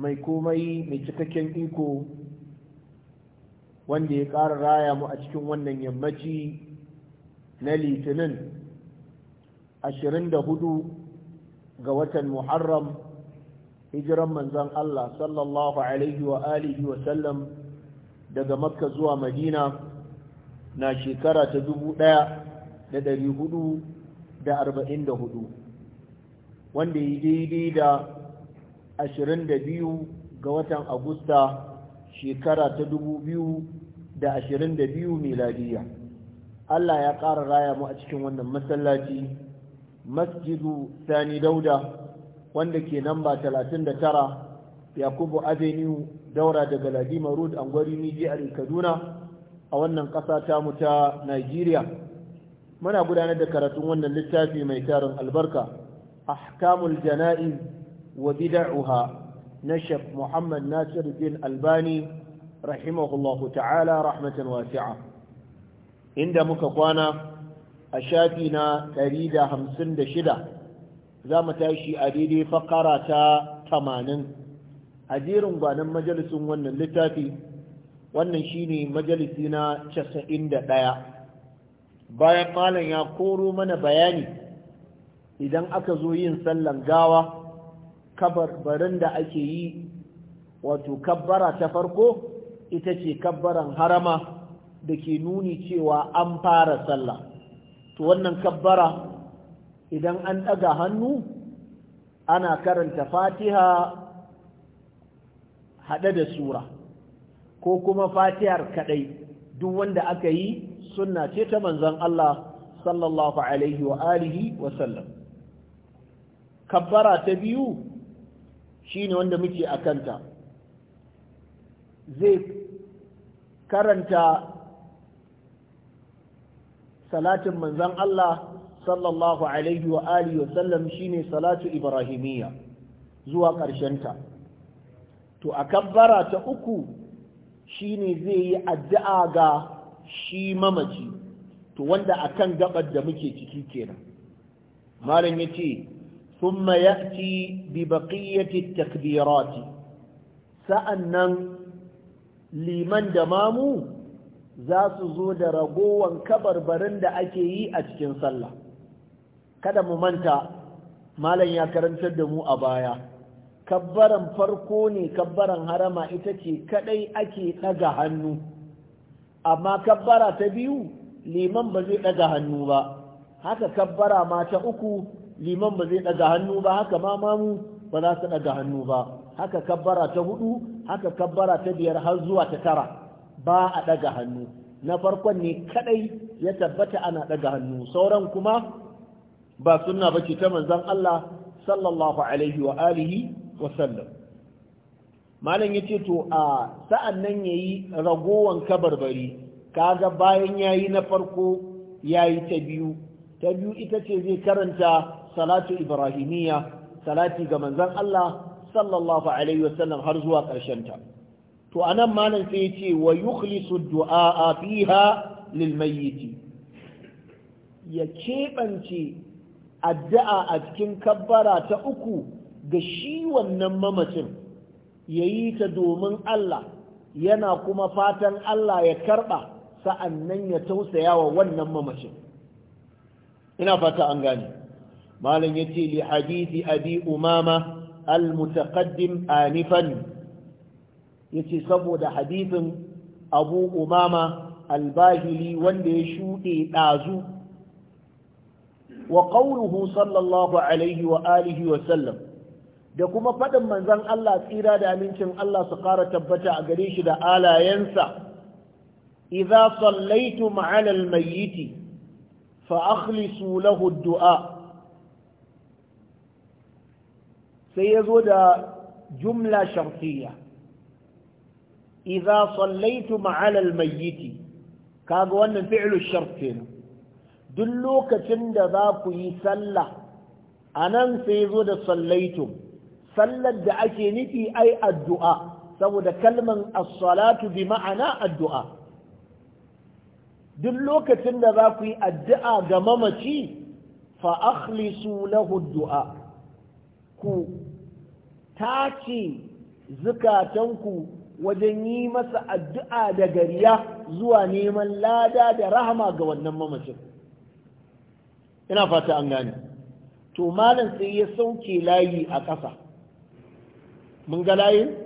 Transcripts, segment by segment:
mai komai mai cikakken iko wanda ya ƙara raya mu a cikin wannan yammaci na litinin 24 ga watan muharram hijiran manzan Allah sallallahu alaihi wa alihi wa sallam daga makka zuwa madina na shekara ta dubu ɗaya da da hudu 1444 wanda ya daidai da 22 ga watan agusta shekara ta 2022 miladiya Allah ya ƙara raya mu a cikin wannan masallaci masjidu sani dauda wanda ke namba 39 yakubu avenue daura daga ladima road an gwari kaduna a wannan ƙasa ta mu ta nigeria muna gudanar da karatun wannan littafi mai tarin albarka ahkamul jana'iz وبدعها نشف محمد ناصر الدين الباني رحمه الله تعالى رحمة واسعة عند مكوانا أشاتنا تريد همسن دشدة za mu tashi a daidai fakara ta tamanin a jerin gwanon majalisun wannan littafi wannan shine majalisi na casa'in da ɗaya bayan malam ya koro mana bayani idan aka zo yin sallan gawa kabarbarin da ake yi wato kabbara ta farko ita ce kabbaran harama da ke nuni cewa an fara sallah to wannan kabbara idan an ɗaga hannu ana karanta fatiha haɗe da sura ko kuma fatihar kaɗai duk wanda aka yi sunna ce ta manzon Allah sallallahu alaihi wa alihi wa sallam kabbara ta biyu shine wanda muke a kanta zai karanta salatin manzan Allah sallallahu alaihi wa alihi wa sallam shine salatu ibrahimiyya zuwa ƙarshen ta. to a kabbara ta uku shine zai yi addu'a ga shi mamaci to wanda akan gabar da muke ciki kenan malam yace Sa'an nan, ثم يأتي ببقية التكبيرات سأنا لمن دمامو ذات زود da ake yi a cikin Sallah. kada mu manta malam ya karantar da mu a baya kabbaran farko ne kabbaran harama ita ce kadai ake daga hannu amma kabbara ta biyu liman ba zai daga hannu ba haka kabbara ma ta uku liman ba zai ɗaga hannu ba haka ma mamu ba za su ɗaga hannu ba haka kabbara ta hudu haka kabbara ta biyar har zuwa ta tara ba a ɗaga hannu na farkon ne kadai ya tabbata ana ɗaga hannu sauran kuma ba sunna bace ta manzon Allah sallallahu alaihi wa alihi wa sallam malam yace to a sa'an nan yayi ragowan kabarbari kaga bayan yayi na farko yayi ta biyu ta biyu ita ce zai karanta salatu ibrahimiyya salati ga manzon Allah sallallahu alaihi wasallam har zuwa ƙarshen ta to anan malam sai yace wa yukhlisu du'a fiha lil mayyit ya kebance addu'a a cikin kabbara ta uku ga shi wannan mamacin yayi ta domin Allah yana kuma fatan Allah ya karba sa'annan ya tausaya wa wannan mamacin ina fata an gane malam yace li hadisi abi umama al-mutaqaddim anifan yace saboda hadisin abu umama al-bahili wanda ya shuɗe ɗazu wa qawluhu sallallahu alaihi wa alihi wa sallam da kuma faɗin manzon Allah tsira da amincin Allah su ƙara tabbata a gare shi da alayensa idza sallaitum ala al-mayyit fa akhlisu lahu dua sai ya zo da jumla shartiyya idza sallaitu ma'ala al-mayyit kaga wannan fi'lu shart kenan duk lokacin da za ku yi sallah nan sai ya zo da sallaitu, sallar da ake nufi ai addu'a saboda kalman asalatu salatu bi ma'ana addu'a duk lokacin da za ku yi addu'a ga mamaci fa akhlisu lahu addu'a ku tace zukatanku wajen yi masa addu'a da gariya zuwa neman lada da rahama ga wannan mamacin ina fata an gane to malam sai ya sauke layi a ƙasa mun ga layin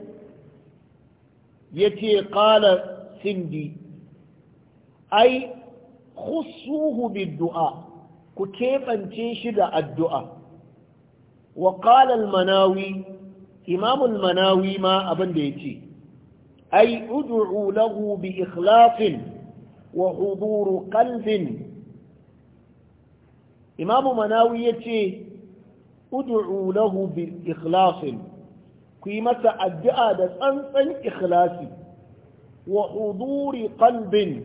ya ce ƙala sindi ai khusuhu bid du'a ku keɓance shi da addu'a wa manawi imamul manawi ma abin da yace ai ud'u lahu bi ikhlasin wa hudur qalbin imamu manawi yace ud'u lahu bi ikhlasin ku yi masa addu'a da tsantsan ikhlasi wa huduri qalbin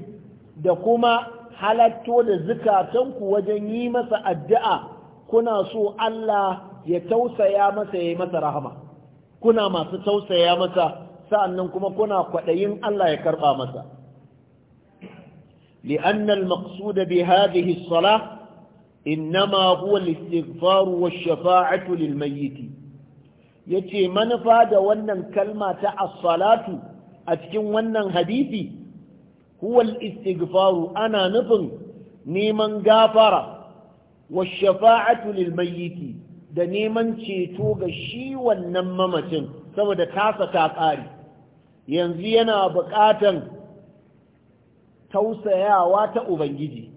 da kuma halatto da zukatanku wajen yi masa addu'a kuna so Allah ya tausaya masa ya yi masa rahama kuna masu tausaya masa sa'annan kuma kuna kwaɗayin Allah ya karɓa masa li'annal al-maqsuda bi hadhihi as innama huwa al-istighfar wa shafaatu lil-mayyit yace manufa da wannan kalma ta as-salatu a cikin wannan hadisi huwa al ana nufin neman gafara wa shafaatu lil da neman ceto ga shi wannan mamacin saboda tasa ta tsari. yanzu yana buƙatan tausayawa ta ubangiji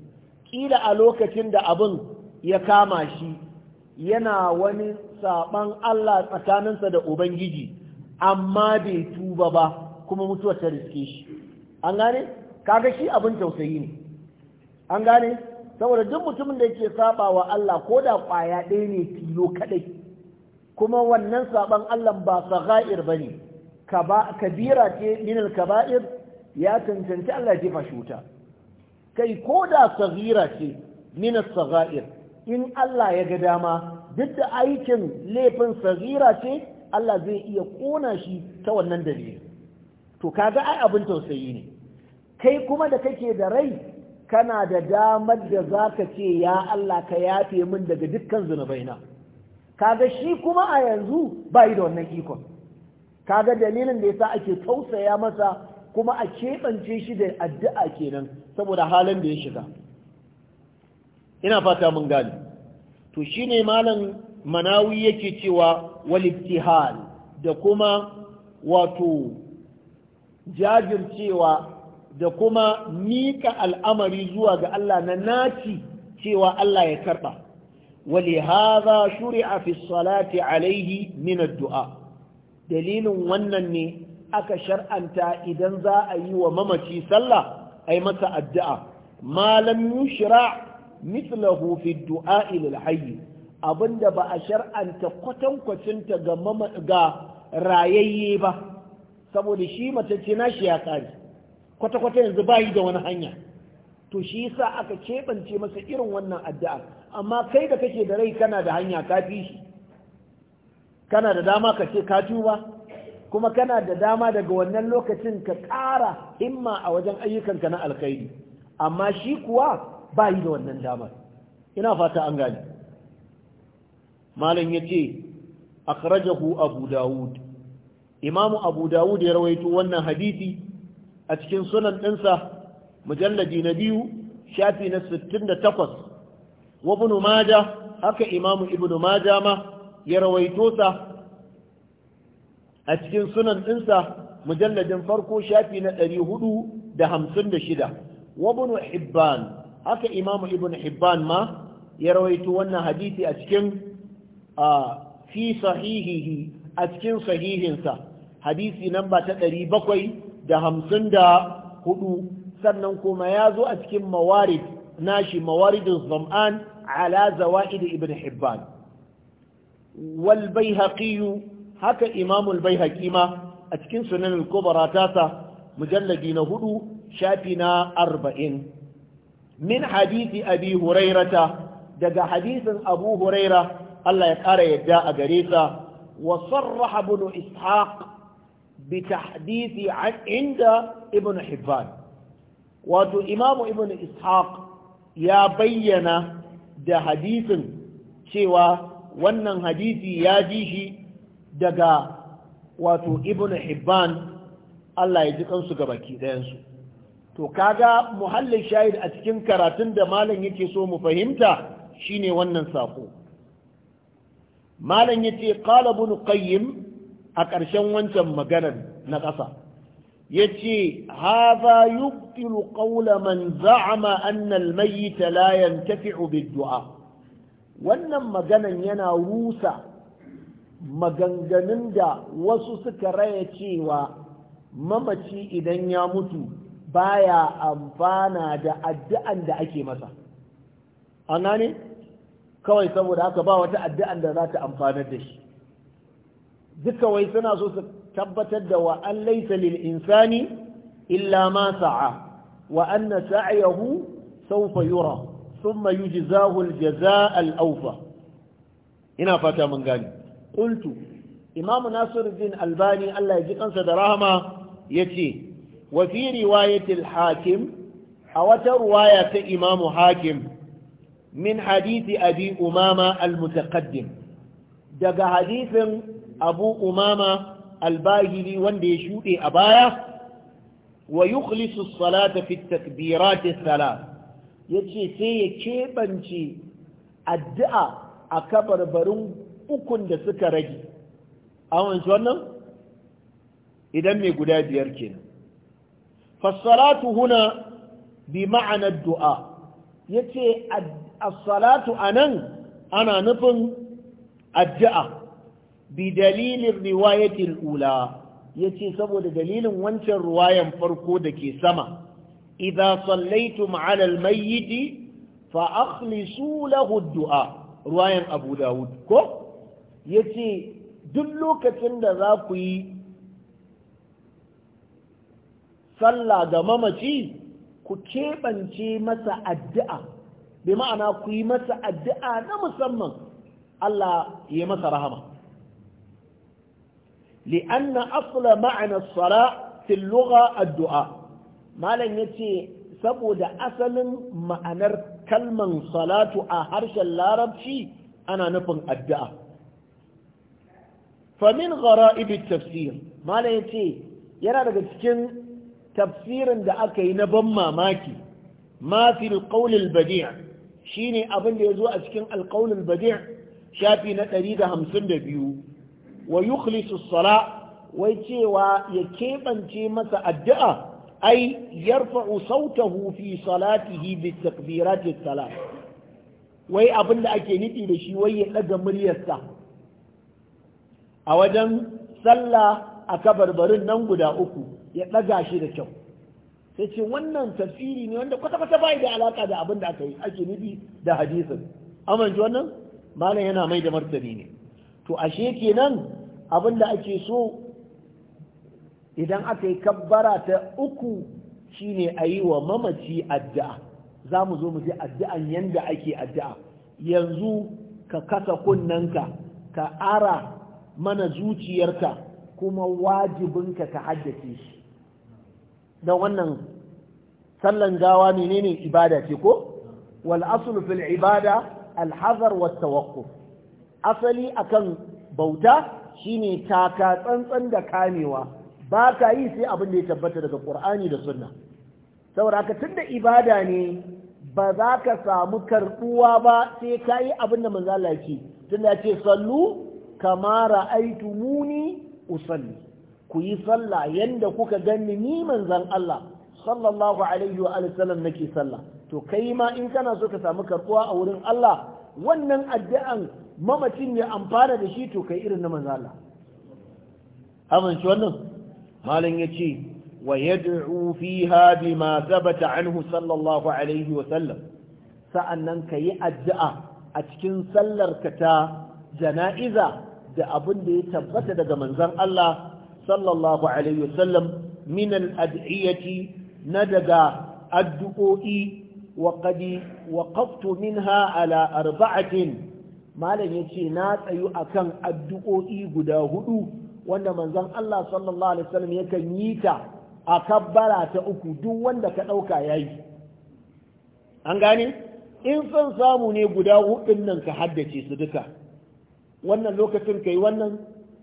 ƙila a lokacin da abin ya kama shi yana wani saɓan Allah tsakaninsa da ubangiji amma bai tuba ba kuma mutuwar ta riske shi an gane kaga shi abin tausayi ne an gane saboda duk mutumin da yake saba wa Allah ko da ƙwaya ɗaya ne tilo kaɗai. kuma wannan saban Allah ba ba ne. kabira ce minal kabair ya cancanci Allah jefa shuta kai ko da sarira ce minal sara'ir? in Allah ya ga dama duk da aikin laifin sarira ce Allah zai iya ƙona shi ta wannan dalilin. to kaga ai abin tausayi ne kai kuma da kake da rai kana da damar da za ka ce ya Allah ka yafe min daga dukkan zunubaina kaga shi kuma a yanzu ba yi da wannan ikon kaga dalilin da ya yasa ake tausaya masa kuma a keɓance shi da addu'a kenan saboda halin da ya shiga ina fata mun gane to shine malam manawi yake cewa wal da kuma wato jajircewa da kuma miƙa al'amari zuwa ga Allah na naci cewa Allah ya karɓa wali haza shuri'a a salati alaihi min du'a? dalilin wannan ne aka shar'anta idan za a yi wa mamaci sallah ai masa addu'a malam yushra mithlahu fi du'a lil hayy abinda ba a shar'anta kwatankwacinta ga rayayye ba saboda shi mace ce nashi ya kare kwata-kwata yanzu bayi da wani hanya to shi yasa aka keɓance masa irin wannan addu'a amma kai da kake da rai kana da hanya ka fi shi kana da dama ka ce ka tuba kuma kana da dama daga wannan lokacin ka ƙara himma a wajen ayyukanka na alkhairi amma shi kuwa bayi da wannan damar ina fata an gani malam ya yace akhrajahu abu dawud imamu abu dawud ya rawaito wannan hadisi a cikin sunan ɗinsa mujallaji na biyu shafi na 68 wa ibn maja haka imamu ibn maja ma ya rawaito sa a cikin sunan ɗinsa mujallajin farko shafi na 456 wa ibn hibban haka imamu ibn hibban ma ya rawaito wannan hadisi a cikin fi sahihihi a cikin sahihinsa hadisi namba ta 700 da hamsin da hudu sannan kuma ya zo a cikin mawarid nashi mawaridin zam'an ala zawa'id ibn hibban wal baihaqi haka imam al baihaqi ma a cikin sunan al kubra tasa mujalladi na hudu shafi na arba'in min hadisi abi hurairata daga hadisin abu huraira Allah ya kara yadda a gare sa wa sarraha ibn ishaq hadisi inda ibn hibban wato imamu Ibnu ishaq ya bayyana da hadisin cewa wannan hadisi ya ji shi daga wato Ibnu hibban Allah ya ji kansu ga baki dayansu to kaga muhallin shahid a cikin karatun da malam yake so mu fahimta shine wannan sako malam yace qala ibn qayyim a ƙarshen wancan maganar na ƙasa ya ce haza yubtilu ƙaula man za'ama anna mai talayan la yantafi'u dua wannan maganan yana rusa maganganun da wasu suka raya cewa mamaci idan ya mutu baya amfana da addu'an da ake masa an gane kawai saboda haka ba wata addu'an da za ta amfanar da shi duka wai suna so su tabbatar da wa an laisa lil insani illa ma sa'a wa anna sa'yahu sawfa yura thumma yujzahu al jazaa al awfa ina fata mun gani qultu imamu nasiruddin albani Allah ya ji kansa da rahama yace wa fi riwayatil hakim a wata riwaya ta imamu hakim min hadisi abi umama al mutaqaddim daga hadisin abu umama albahili wanda ya shuɗe a baya wa yukhlisu salata fi takbirat salat yace sai ya kebance addu'a a kabarbarin ukun da suka rage awon wannan idan mai guda biyar kenan fassalatu huna bi ma'ana du'a yace as-salatu anan ana nufin addu'a bi dalilin riwayatil ula ya ce saboda dalilin wancan ruwayan farko da ke sama idza sallaitum ala almayyiti fa akhlisu lahu du'a ruwayan abu dawud ko yace duk lokacin da za ku yi sallah ga mamaci ku keɓance masa addu'a bi ma'ana ku yi masa addu'a na musamman Allah ya masa rahama لأن أصل معنى الصلاة في اللغة الدعاء ما لن يتي سبود أصل معنى كلمة صلاة أهرش اللارب شي أنا نفن الدعاء فمن غرائب التفسير ما لن يتي يرى لك تفسير دعاك ينبم ماكي ما في القول البديع شيني أبن يزوء أسكن القول البديع شافي نتريد همسن بيو wa yukhlisu sala wai cewa ya keɓance masa addu'a ai yarfa'u sautahu fi salatihi bi takbirati salat wai abin da ake nufi da shi wai ya ɗaga muryarsa a wajen sallah a kabarbarin nan guda uku ya ɗaga shi da kyau sai ce wannan tafsiri ne wanda kwata-kwata bai da alaka da abin da aka yi ake nufi da hadisin amince wannan malam yana mai da martani ne to ashe kenan abin da ake so idan aka yi kabbara ta uku shine a yi wa mamaci addu'a za mu zo mu ji addu'an yanda ake addu'a yanzu ka kasa kunnanka ka ara mana zuciyarka kuma wajibinka ka haddace shi don wannan sallan gawa menene ibada ce ko wal aslu fil ibada al hazar wat tawaqquf asali akan bauta shine taka tsantsan da kamewa ba ka yi sai abin da ya tabbata daga ƙur'ani da sunna saboda haka tunda ibada ne ba za ka samu karbuwa ba sai ka yi abin da manzo Allah yake tunda ce sallu kama ra'aytumuni usalli ku yi sallah yanda kuka ganni ni manzan Allah sallallahu alaihi wa sallam nake sallah to kai ma in kana so ka samu karbuwa a wurin Allah wannan addu'an mamacin ya amfana da shi to kai irin na mazala Allah amince wannan malam yace wa yad'u haɗi ma thabata anhu sallallahu alaihi wa sallam ka kayi addu'a a cikin sallar ta jana'iza da abin da ya tabbata daga manzon Allah sallallahu alaihi wa sallam min na daga addu'o'i وقد min ha ala arba'atin malam ya ce na tsayu akan addu'o'i guda hudu wanda manzon Allah sallallahu alaihi wasallam yakan yi ta a kabbara ta uku duk wanda ka ɗauka ya yi an gani in son samu ne guda hudun nan ka haddace su duka wannan lokacin ka yi wannan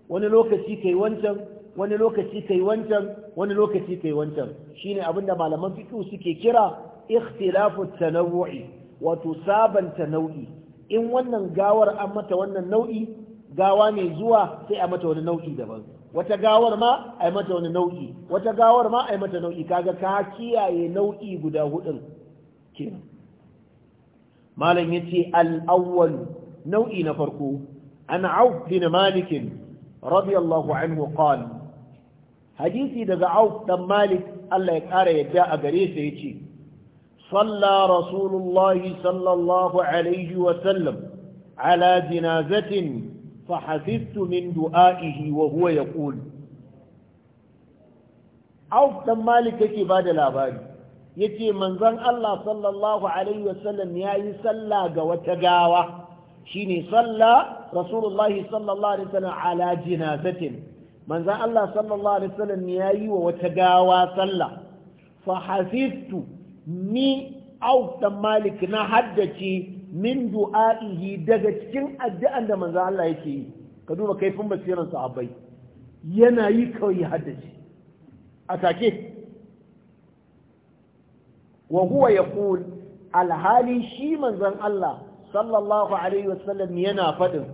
wani lokaci ka yi wancan wani lokaci ka yi wancan wani lokaci ka yi wancan shine ne abinda malaman fiƙi suke kira ikhtilafu tanawu'i wato sabanta nau'i in wannan gawar an mata wannan nau'i gawa mai zuwa sai a mata wani nau'i daban wata gawar ma a mata wani nau'i wata gawar ma a mata nau'i kaga ka kiyaye nau'i guda hudun kenan malam yace al-awwal nau'i na farko an auf bin malik radiyallahu anhu qala hadisi daga auf dan malik Allah ya kara yadda a gare shi yace صلى رسول الله صلى الله عليه وسلم على جنازة فحفظت من دعائه وهو يقول auf dan malik yake ba da labari yace manzon Allah sallallahu alaihi wasallam yayi sallah ga wata gawa shine salla rasulullahi sallallahu alaihi wasallam ala jinazatin manzon Allah sallallahu alaihi wasallam yayi wa wata gawa salla. fa hasiftu ni au dan malik na haddace min du'a'ihi daga cikin addu'an da manzo Allah yake yi ka duba kaifin basiran sahabbai yana yi kawai haddace a take wa huwa yaqul alhali shi manzon Allah sallallahu alaihi wasallam yana fadin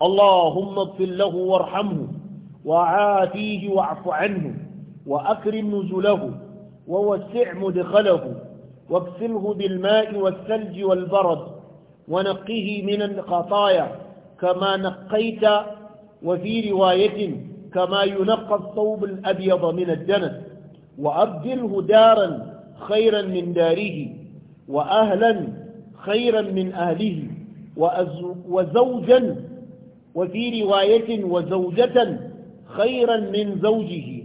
Allahumma ighfir lahu warhamhu wa afihi wa'fu anhu wa akrim ووسع مدخله واكسله بالماء والثلج والبرد ونقه من الخطايا كما نقيت وفي رواية كما ينقى الثوب الأبيض من الدنس وأبدله دارا خيرا من داره وأهلا خيرا من أهله وزوجا وفي رواية وزوجة خيرا من زوجه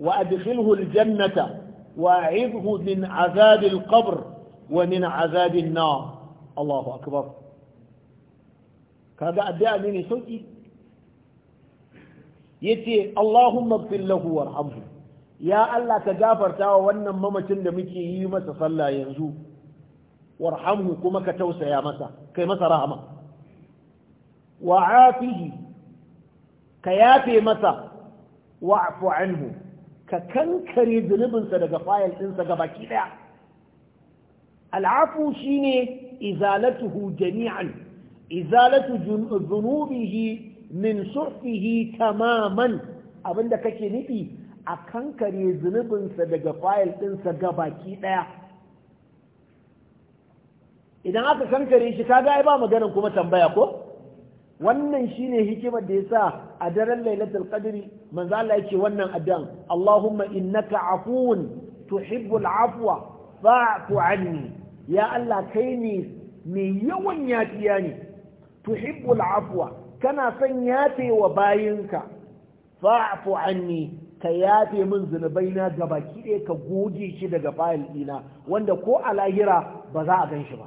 وأدخله الجنة واعظه من عذاب القبر ومن عذاب النار الله اكبر kaga addu'a ne ne sauki yace Allahumma fil lahu warhamhu ya Allah ka gafarta wa wannan mamacin da muke yi masa sallah yanzu warhamhu kuma ka tausaya masa kai masa rahama wa afihi ka yafe masa wa'fu anhu ka kankare zunubinsa daga fayil ɗinsa ga baki ɗaya al'afu shi shine izalatuhu jami'an izalatu zunubihi min surfihi tamaman abinda kake nufi a kankare zunubinsa daga fayil ɗinsa ga baki ɗaya idan aka kankare shi ga ai ba maganan kuma tambaya ko wannan shine hikimar da yasa a daren lailatul qadri manzo Allah yake wannan addan Allahumma innaka afuwun tuhibbul afwa fa'fu anni ya Allah kai ne mai yawan yafiya ne tuhibbul afwa kana son yafe wa bayinka fa'fu anni ka yafe min zunubaina ga baki ɗaya ka goge shi daga fayil ɗina wanda ko a lahira ba za a gan shi ba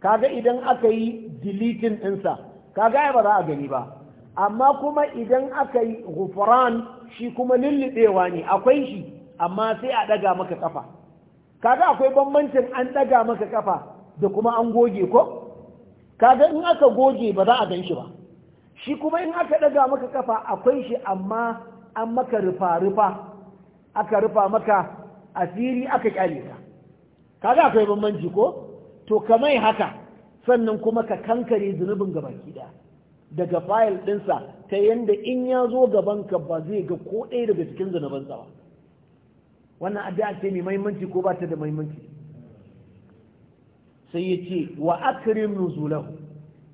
kaga idan aka yi deleting ɗinsa kagaya ba za a gani ba amma kuma idan aka yi hufuran shi kuma lullubewa ne akwai shi amma sai a ɗaga maka kafa kaga akwai bambancin an ɗaga maka kafa da kuma an goge ko kaga in aka goge ba za a gan shi ba shi kuma in aka ɗaga maka kafa akwai shi amma an maka rufa-rufa aka rufa maka asiri aka kyale ka kaga akwai bambanci ko to kamai haka sannan kuma ka kankare zunubin gabaki gida daga fayil ɗinsa ta yadda in ya zo gabanka ba zai ga ko ɗaya daga cikin zunubansa ba wannan addu'a ce mai mahimmanci ko ba ta da mahimmanci sai ya ce wa akrim nuzulahu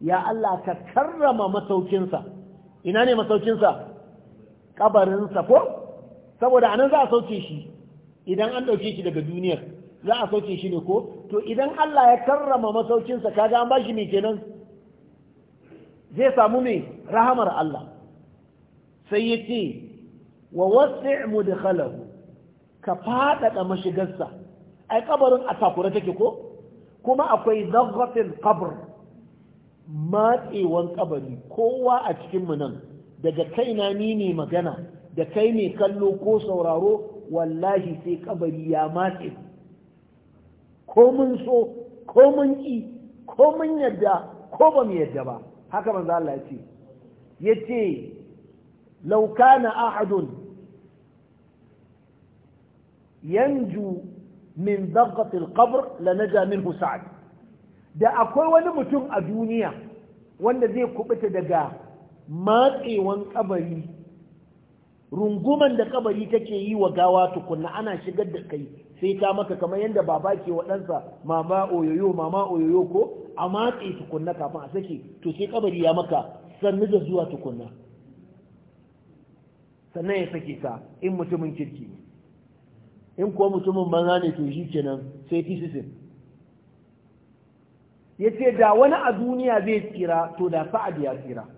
ya Allah ka karrama masaukinsa ina ne masaukinsa kabarinsa ko saboda anan za a sauke shi idan an ɗauke shi daga duniyar za a sauke shi ne ko to idan Allah ya karrama masaukinsa kaga an bashi me kenan zai samu mai rahamar Allah sai ya ce wa wasi' mudkhalahu ka fadada mashigarsa ai kabarin a takura take ko kuma akwai zaghatil qabr matsewan kabari kowa a cikin mu nan daga kaina ni ne magana da kai ne kallo ko sauraro wallahi sai kabari ya matse ko mun so ko mun ƙi ko mun yadda ko ba mu yadda ba haka manzo Allah ya ce yace law kana ahadun yanju min daqat al-qabr lanaja minhu sa'd da akwai wani mutum a duniya wanda zai kubuta daga matsewan kabari runguman da kabari take yi wa gawa tukunna ana shigar da kai sai ta maka kamar yadda baba ke wa ɗansa mama oyoyo mama oyoyo ko a matse tukunna kafin a sake to sai kabari ya maka sannu da zuwa tukunna sannan ya sake ka in mutumin kirki in kuwa mutumin banza ne to shi ke nan sai tisisin ya ce da wani a duniya zai tsira to da sa'ad ya tsira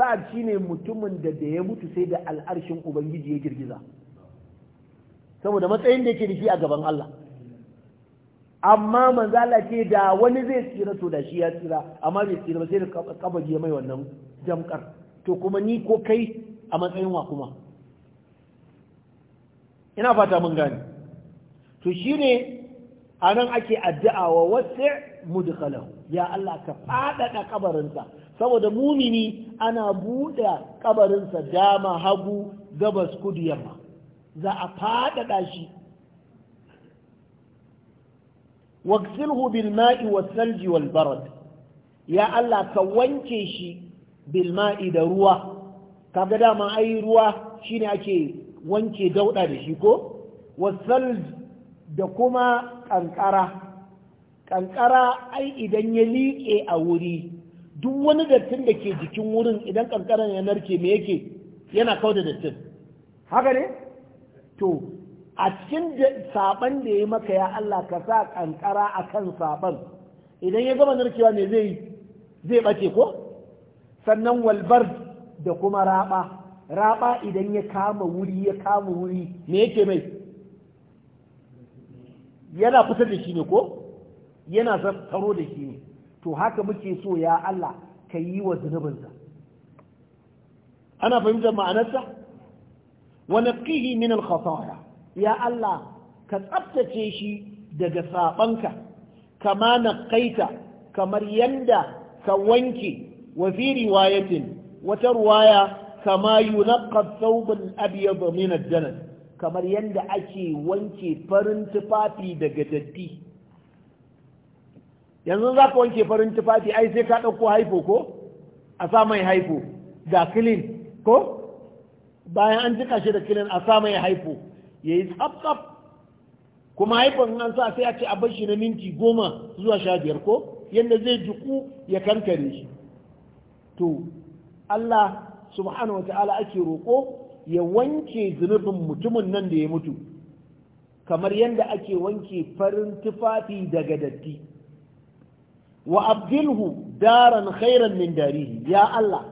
sa'ad shine mutumin da da ya mutu sai da al'arshin ubangiji ya girgiza saboda matsayin da yake da shi a gaban Allah amma manzala ce da wani zai tsira to da shi ya tsira amma bai tsira ba sai da kabaji mai wannan jamkar to kuma ni ko kai a matsayin wa kuma ina fata mun gani. to shine anan ake addu'a wa wasi' mudkhalahu ya Allah ka faɗaɗa kabarinsa saboda mumini ana buɗe kabarinsa dama hagu gabas kudu yamma za a faɗaɗa shi waksilhu bil wasalji wal ya Allah ka wanke shi Bilma'i da ruwa kaga dama ai ruwa shine ake wanke dauɗa da shi ko wasalj da kuma ƙanƙara. Ƙanƙara ai idan ya liƙe a wuri duk wani dattin da ke jikin wurin idan kankaran ya narke me yake yana kawo da dattin haka ne to a cikin saban da ya maka ya Allah ka sa kankara a kan saban idan ya gama narkewa ne zai zai bace ko sannan walbar da kuma raba raba idan ya kama wuri ya kama wuri me yake mai yana fitar da shi ne ko yana taro da shi ne to haka muke so ya Allah ka yi wa zunubinsa ana fahimtar ma'anarsa wa naqihi min al ya Allah ka tsaftace shi daga sabanka kama naqaita kamar yanda ka wanke wa fi riwayatin wata ruwaya kama yunqqa thawb al-abyad min ad kamar yanda ake wanke farin tufafi daga datti yanzu za ka wanke farin tufafi ai sai ka ɗauko haifo ko a sa mai haifo da kilin ko bayan an jika shi da kilin a sa mai haifo ya yi tsaf kuma haifon an sa sai a ce a bar shi na minti goma zuwa sha biyar ko yadda zai jiku ya kankare shi to Allah subhanahu wa ta'ala ake roƙo ya wanke zunubin mutumin nan da ya mutu kamar yadda ake wanke farin tufafi daga datti wa abdilhu daran khairan min darihi ya Allah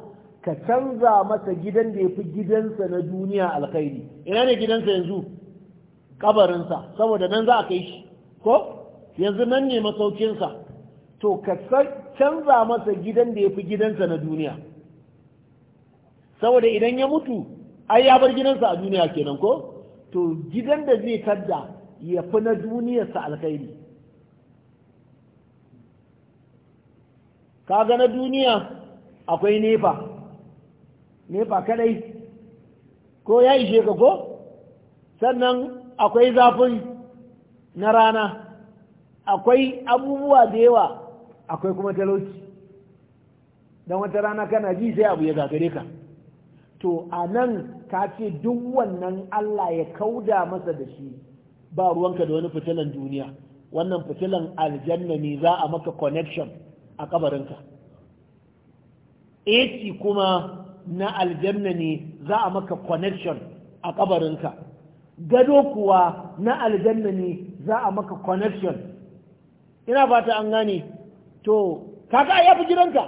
ka canza masa gidan da yafi gidansa na duniya alkhairi ina ne gidansa yanzu kabarinsa saboda nan za a kai shi ko yanzu nan ne masaukinsa to ka canza masa gidan da yafi gidansa na duniya saboda idan ya mutu ai ya bar gidansa a duniya kenan ko to gidan da zai tadda ya fi na duniyarsa alkhairi kaga na duniya akwai nefa nefa kadai ko ya ishe ka ko sannan akwai zafin na rana akwai abubuwa da yawa akwai kuma talauci don wata rana kana ji sai abu ya gagare ka to a nan ka ce duk wannan Allah ya kauda masa da shi ba ruwanka da wani fitilan duniya wannan fitilan aljanna ne za a maka connection a kabarinka AC kuma na aljanna ne za a maka connection a kabarinka gado kuwa na aljanna ne za a maka connection ina fata an gane to kaka ya fi gidanka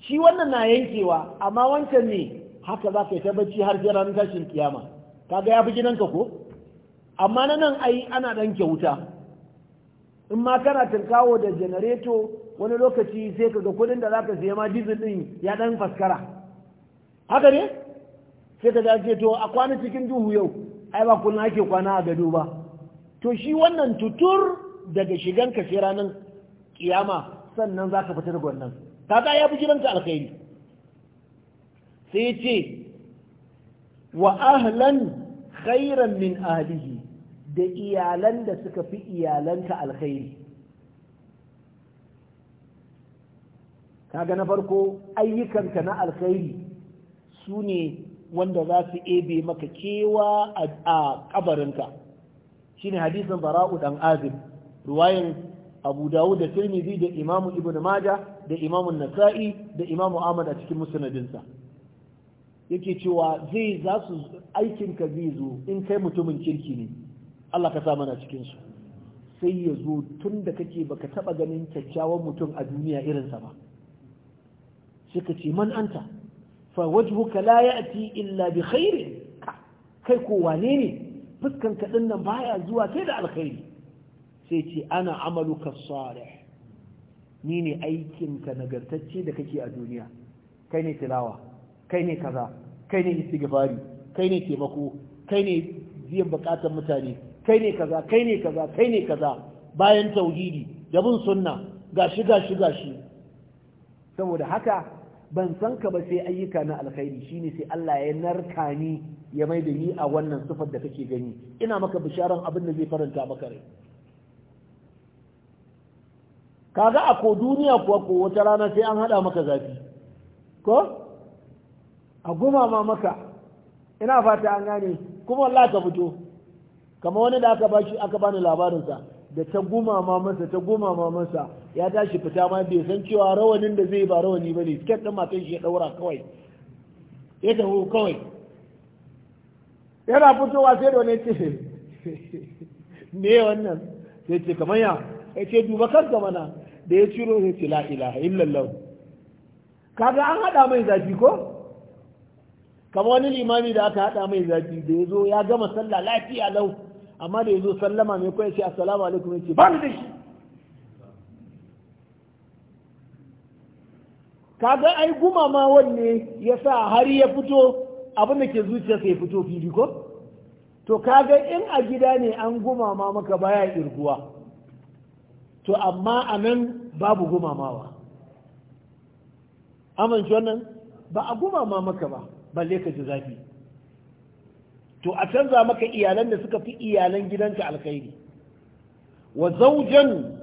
shi wannan na yankewa amma wancan ne haka za ka yi ta bacci har sai ranar tashin kiyama kaga ya fi gidanka ko amma na nan ai ana ɗan kyauta in ma kana tunkawo da janareto wani lokaci sai ka ga kudin da ka siya ma dizil din ya dan faskara haka ne sai ka ga to a kwana cikin duhu yau ai ba kuna ake kwana a gado ba to shi wannan tutur daga shigan ka sai ranar kiyama sannan zaka fita daga wannan ta ya fi gidanka alkhairi sai ce wa ahlan khairan min ahlihi da iyalan da suka fi iyalanka alkhairi kaga na farko ayyukanka na alkhairi su ne wanda za su ebe maka kewa a kabarinka shine hadisin bara'u dan azim ruwayan abu dawud da tirmidhi da imamu ibn majah da imamu nasa'i da imamu ahmad a cikin musnadinsa yake cewa zai za su aikinka zai zo in kai mutumin kirki ne Allah ka sa mana cikin su sai ya zo tun da kake baka taba ganin kyakkyawan mutum a duniya irinsa ba suka ce man anta fa wajhuka la ya'ti illa bi khairin kai ko wane ne fuskan ka nan baya zuwa sai da alkhairi sai ce ana amaluka salih ni ne aikin ka nagartacce da kake a duniya kai ne tilawa kai ne kaza kai ne istighfari kai ne taimako kai ne biyan bukatun mutane kai ne kaza kai ne kaza kai ne kaza bayan tauhidi da bin sunna gashi gashi gashi saboda haka ban san ka ba sai ayyuka na alkhairi shine sai Allah ya narka ni ya mai da ni a wannan sifar da kake gani ina maka bisharan abin da zai faranta maka rai kaga a ko duniya kuwa ko wata rana sai an hada maka zafi ko a goma ma maka ina fata an gane kuma Allah ka fito kamar wani da aka bashi aka bani labarinsa da ta gumama masa ta gumama masa ya tashi fita ma bai san cewa rawanin da zai ba rawani bane tiket din matan shi ya daura kawai ya tafi kawai yana fitowa sai da wani ce me wannan sai ce kamar ya ya ce duba kanka mana da ya ciro sai ce la'ila illallah kaga an hada mai zafi ko kamar wani limami da aka hada mai zafi da ya zo ya gama sallah lafiya lau amma da yazo sallama mai kwaye sai assalamu alaikum yace ba ni da shi kaga ai gumama wanne yasa har ya fito abin da ke zuciya ya fito fili ko to kaga in a gida ne an gumama maka baya irguwa to amma a nan babu gumamawa amince wannan ba a gumama maka ba balle ka ji zafi to a canza maka iyalan da suka fi iyalan gidanka alkhairi wa zaujan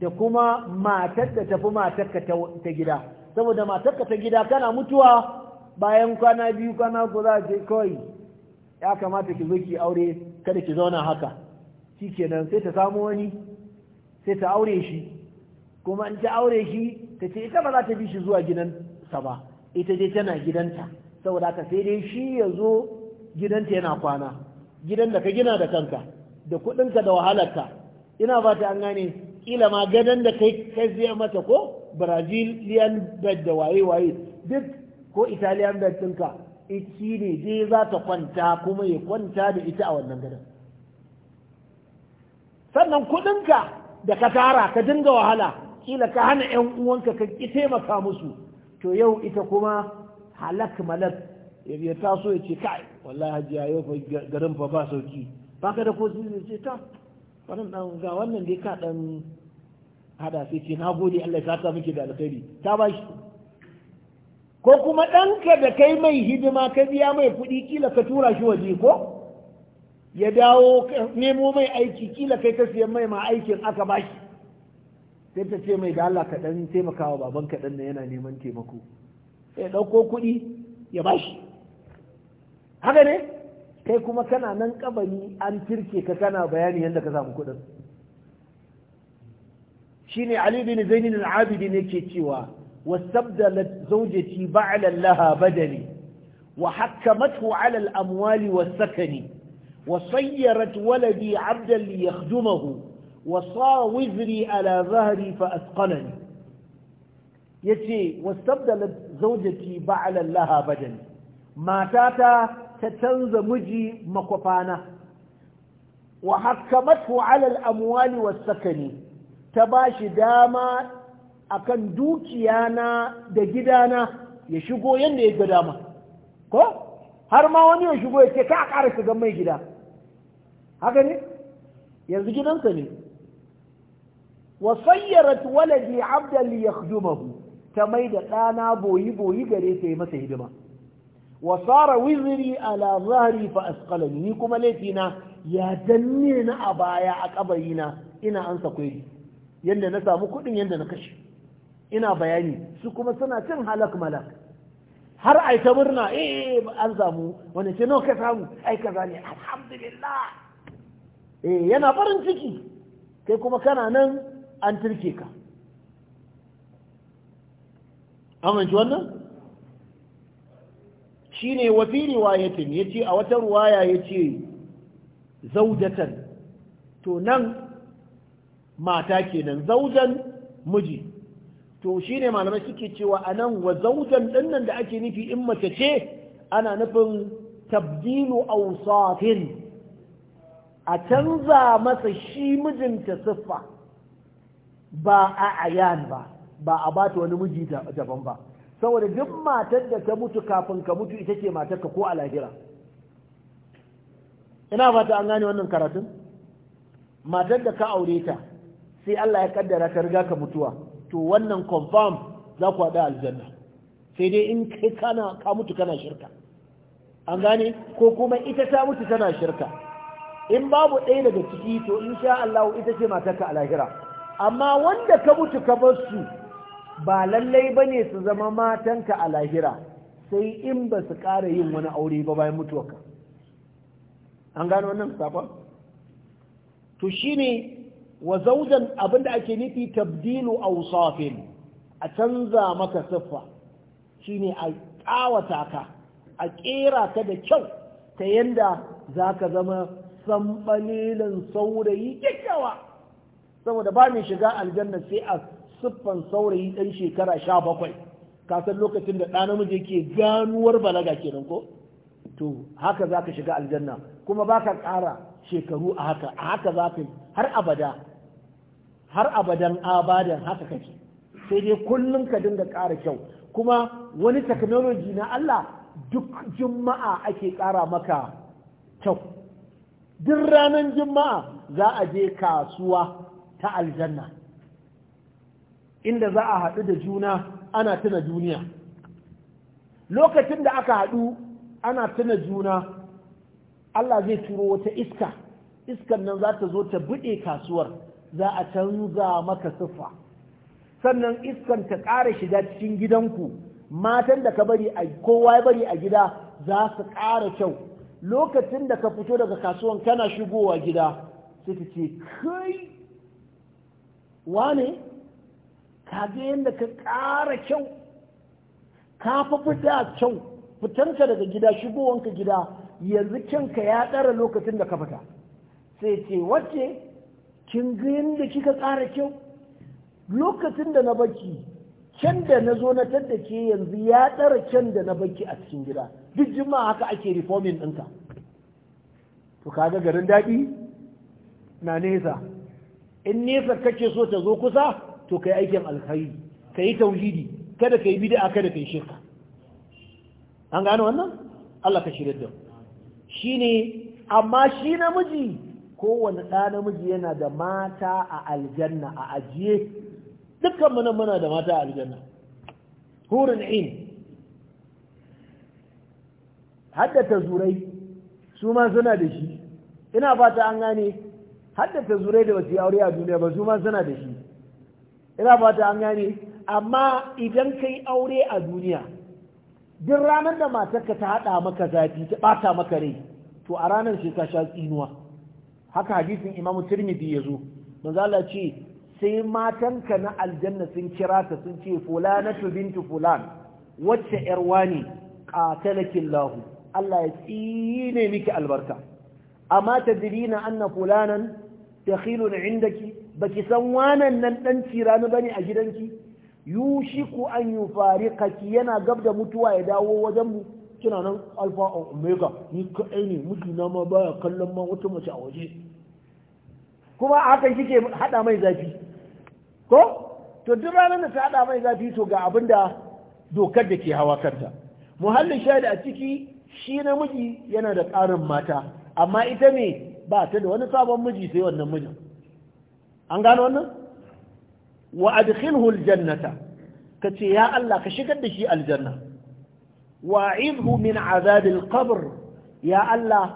da kuma matar da tafi matarka ta gida saboda matarka ta gida kana mutuwa bayan kwana biyu kwana ku za je kawai ya kamata ki zo ki aure kada ki zauna haka shi kenan sai ta samu wani sai ta aure shi kuma in ta aure shi ta ce ita ba za ta bi shi zuwa gidansa ba ita dai tana gidanta saboda haka sai dai shi ya zo gidanta yana kwana gidan da ka gina da kanka da kuɗinka da wahalarka ina ba ta an gane kila ma gadon da kai kai zai mata ko brazilian bed da waye waye duk ko italian bed ɗinka shi ne dai za ta kwanta kuma ya kwanta da ita a wannan gadon sannan kuɗinka da ka tara ka dinga wahala kila ka hana 'yan uwanka ka ki taimaka musu to yau ita kuma halak malak ya taso ya ce kai wallahi hajiya yau fa garin fa ba sauki ba ka da ko zai ce ta wannan dan ga wannan dai ka dan hada sai ce na gode Allah ya sa miki da alkhairi ta ba shi ko kuma ɗanka da kai mai hidima ka biya mai kuɗi kila ka tura shi waje ko ya dawo nemo mai aiki kila kai ka siyan mai ma aikin aka ba shi sai ta ce mai da Allah ka ɗan taimakawa baban ka ɗan yana neman taimako sai ɗauko kuɗi ya ba shi haka ne kai kuma kana nan kabari an tirke ka kana bayani yadda ka samu kuɗin shine ali bin zainin al-abidin yake cewa wastabdalat zawjati ba'lan laha badali wa hakkamathu 'ala al-amwali was-sakani wa sayyarat waladi 'abdan li yakhdumahu wa sa wizri 'ala dhahri fa asqalani yace wastabdalat zawjati ba'lan laha badali matata ta canza miji makwafana wa hakkamatu ala al-amwali was-sakani ta bashi dama akan dukiya na da gidana ya shigo yanda ya ga dama ko har ma wani ya shigo ya ce ka ƙara mai gida haka ne yanzu gidansa ne wa sayyarat waladi abdal yakhdumuhu ta mai da ɗana boyi boyi gare ta yi masa hidima wa sara wizri ala zahri fa asqalani ni kuma laifina ya danne na a baya a kabarina ina ansa kwairi yanda na samu kudin yanda na kashe ina bayani su kuma suna cin halak malak har ai ta murna eh an samu wani ce nawa ka samu ai kaza ne alhamdulillah eh yana farin ciki kai kuma kana nan an turke ka amince wannan shine wa fi riwayatin yace a wata ruwaya yace zaujatan to nan mata kenan zaujan miji to shine malamai suke cewa anan wa zaujan dinnan da ake nufi in mace ce ana nufin tabdilu awsafin a canza masa shi mijinta siffa ba a ayan ba ba a bata wani miji daban ba saboda duk matar da ta mutu kafin ka mutu ita ce matarka ko a lahira ina fata an gane wannan karatun matar da ka aure ta sai Allah ya kaddara ka riga ka mutuwa to wannan confirm za ku haɗa aljanna sai dai in kai kana ka mutu kana shirka an gane ko kuma ita ta mutu tana shirka in babu ɗaya daga ciki to in sha Allah ita ce matarka a lahira amma wanda ka mutu ka bar su ba lallai ba ne su zama matanka a lahira sai in ba su ƙara yin wani aure ba bayan mutuwaka an gano wannan safon to shi ne wa zaujan abinda ake nufi tabdilu awsafin a canza maka siffa Shi ne a ƙawata ka a ƙera ka da kyau ta yanda za ka zama sambalilin saurayi kyakkyawa saboda ba mai shiga aljanna sai a siffan saurayi ɗan shekara sha bakwai kasan lokacin da ɗa namiji ke ganuwar balaga kenan ko to haka za ka shiga aljanna kuma ba ka ƙara shekaru a haka a haka za ka har abada har abadan abadan haka kake sai dai kullum ka dinga ƙara kyau kuma wani technology na Allah duk juma'a ake ƙara maka kyau duk ranar juma'a za a je kasuwa ta aljanna inda za a haɗu da juna ana tuna duniya lokacin da aka haɗu ana tuna juna Allah zai turo wata iska iskan nan za ta zo ta buɗe kasuwar za a canza maka siffa sannan iskan ta ƙara shiga cikin gidanku matan da ka bari a kowa ya bari a gida za su ƙara kyau lokacin da ka fito daga kasuwan kana shigowa gida sai ta ce kai wane ka yadda ka ƙara kyau ka fi fita kyau fitanka daga gida shigowanka gida yanzu kyanka ya ɗara lokacin da ka fita sai ce wacce kin ga yadda kika ƙara kyau lokacin da na baki kyan da na zo na tadda ke yanzu ya ɗara kyan da na baki a cikin gida duk jima'a haka ake reforming ɗinka to kaga garin daɗi na nesa in nesa kake so ta zo kusa to kai aikin alkhairi kai tauhidi kada kai bid'a kada kai shirka an gano wannan Allah ka shirye da shine amma shi namiji kowanne ɗa namiji yana da mata a aljanna a ajiye dukkan mun muna da mata a aljanna hurin in haddata zurai su ma suna da shi ina fata an gane haddata zurai da wasu aure a duniya ba su ma suna da shi ina ba ta an gane amma idan kayi aure a duniya duk ranar da matarka ta haɗa maka zafi ta ɓata maka rai to a ranar sai ka sha tsinuwa haka hadisin imam turmidi ya zo manzo ce sai matanka na aljanna sun kira ka sun ce fulanatu bintu fulan wacce yar wani lahu. Allah ya tsine miki albarka amma tadrina anna fulanan dakhilun indaki baki san wanan nan dan cirani bane a gidanki yushiku an ki yana gab da mutuwa ya dawo wajen mu kina nan alfa omega ni kaɗai ne na ma baya kallon ma wata mace a waje kuma a hakan kike haɗa mai zafi ko to duk ranar da ta haɗa mai zafi to ga abin da dokar da ke hawa kanta muhallin shahid a ciki shi namiji yana da ƙarin mata amma ita ne ba ta da wani sabon miji sai wannan mijin an gano wannan wa adkhilhu aljannata kace ya Allah ka shigar da shi aljanna wa idhu min azabil qabr ya Allah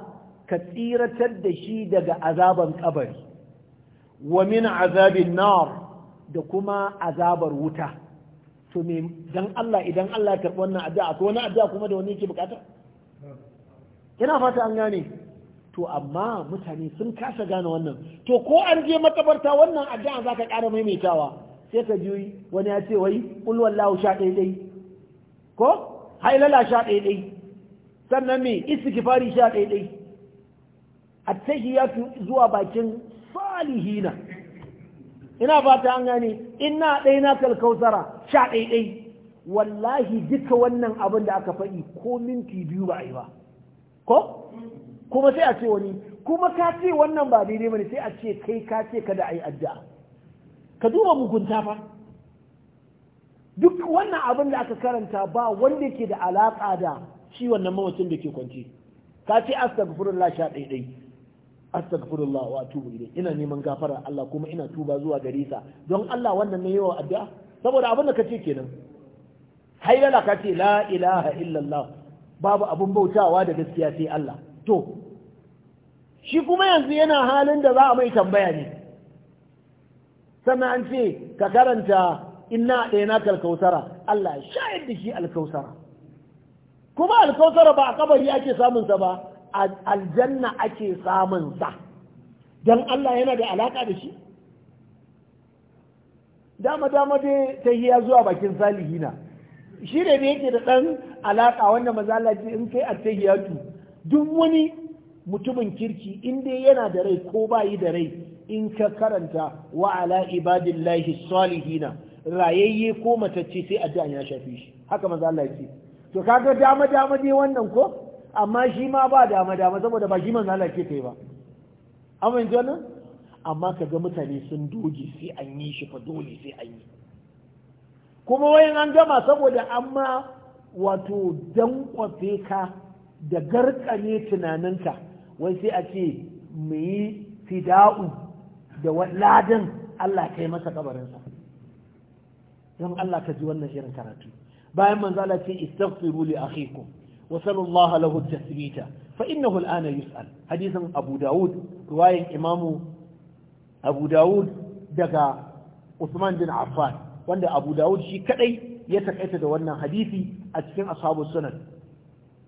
ka tsiratar da shi daga azaban kabari wa min azabin nar da kuma azabar wuta to me dan Allah idan Allah ya karbi wannan addu'a to wani addu'a kuma da wani yake bukata ina fata an gane to amma mutane sun kasa gane wannan to ko an je makabarta wannan addu'a za ka ƙara maimaitawa sai ka ji wani ya ce wai kul wallahu sha ɗaiɗai ko hailala sha ɗaiɗai sannan me istighfari sha ɗaiɗai fi zuwa bakin salihina ina fata an gane ina ɗai na kalkausara sha ɗaiɗai wallahi duka wannan abin da aka faɗi ko minti biyu ba a yi ba ko kuma sai a ce wani kuma ka ce wannan ba daidai ba ne sai a ce kai ka ce kada yi addu'a ka duba mugunta fa duk wannan abin da aka karanta ba wanda ke da alaka da shi wannan mawacin da ke kwance ka ce astagfirullah sha ɗaiɗai astagfirullah wa tubu ilai ina neman gafara Allah kuma ina tuba zuwa gare sa don Allah wannan ne yawa addu'a saboda abin da ka ce kenan hayyala ka ce la ilaha illallah babu abin bautawa da gaskiya sai Allah to shi kuma yanzu yana halin da za a mai tambaya ne sannan an ce ka karanta inna ɗaya kalkausara Allah shayar da shi alkausara kuma alkausara ba a kabari ake samun sa ba aljanna ake samunsa don Allah yana da alaka da shi dama dama dai ta hiya zuwa bakin salihina shi ne da yake da ɗan alaƙa wanda mazala ce in kai attahiyatu duk wani mutumin kirki in dai yana da rai ko ba yi da rai in ka karanta wa ala ibadillahi salihina rayayye ko matacce sai addu'a ya shafi shi haka maza ce to kaga dama dama dai wannan ko amma shi ma ba dama dama saboda ba shi mazala ce kai ba amma yanzu nan amma kaga mutane sun doge sai an yi shi fa dole sai an yi kuma wai an gama saboda amma wato dankwafe ka da garkane tunaninka wai sai a ce mu yi fida'u da ladan Allah ka yi masa kabarinsa don Allah ka ji wannan shirin karatu bayan manzo Allah ce istaghfiru li akhikum wa sallallahu lahu tasbita fa innahu al yus'al hadisin Abu Dawud riwayan Imam Abu Dawud daga Usman bin Affan wanda Abu Dawud shi kadai ya takaita da wannan hadisi a cikin ashabu sunan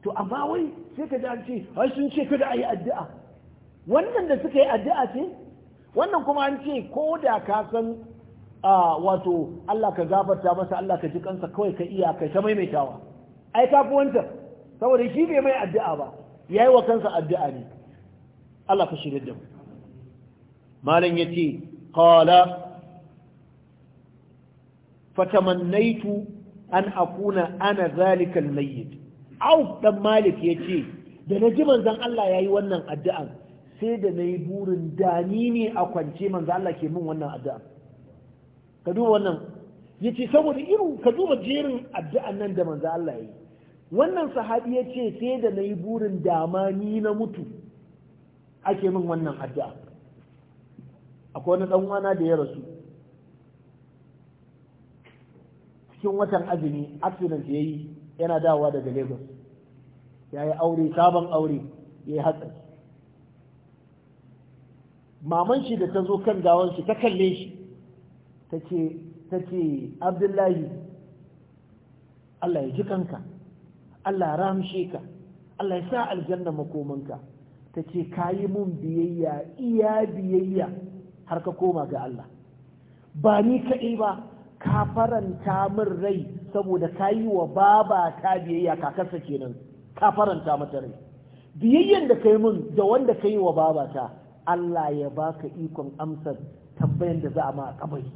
to amma wai sai ka ji an ce ai sun ce kada ayi addu'a wannan da suka yi addu'a ce wannan kuma an ce ko da ka san wato Allah ka gafarta masa Allah ka ji kansa kawai ka iya kai ta maimaitawa ai ka fi wanta saboda shi bai mai addu'a ba yayi wa kansa addu'a ne Allah ka shirye da mu malam yace qala fatamannaitu an akuna ana zalikal mayyit au dan malik yace da naji manzon Allah yayi wannan addu'an sai da nayi burin dani ne a kwance manzon Allah ke min wannan addu'a ka duba wannan yace saboda irin ka duba jerin addu'an nan da manzon Allah yayi wannan sahabi yace sai da nayi burin dama ni na mutu ake min wannan addu'a akwai wani dan uwana da ya rasu cikin watan azumi accident ya yi yana dawowa daga lagos ya yi aure sabon aure ya yi hatsari maman shi da ta zo kan gawon shi ta kalle shi ta ce abdullahi allah ya ji kanka allah ya ramshe ka allah ya sa aljanna makomanka ta ce ka yi mun biyayya iya biyayya har ka koma ga allah ba ni kaɗai ba ka faranta min rai saboda ka yi wa baba ta biyayya kakarsa kenan ka faranta mata rai biyayyan da kai yi min da wanda ka yi wa baba ta Allah ya baka ikon amsar tambayan da za a ma a kabari